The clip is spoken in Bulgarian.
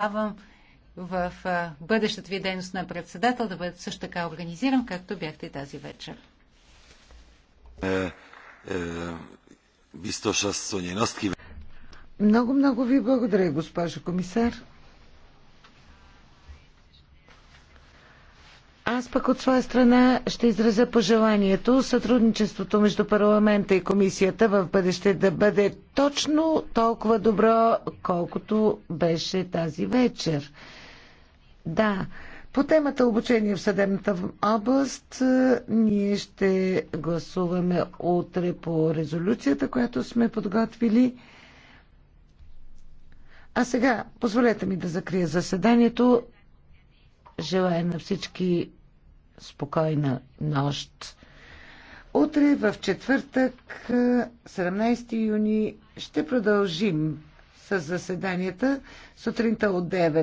Давам в бъдещата ви дейност на председател да бъде също така организиран, както бяхте и тази вечер. Е, е, много, много ви благодаря, госпожо комисар. Аз пък от своя страна ще изразя пожеланието сътрудничеството между парламента и комисията в бъдеще да бъде точно толкова добро, колкото беше тази вечер. Да, по темата обучение в съдебната област е, ние ще гласуваме утре по резолюцията, която сме подготвили. А сега, позволете ми да закрия заседанието. Желая на всички спокойна нощ. Утре в четвъртък, 17 юни, ще продължим с заседанията сутринта от 9.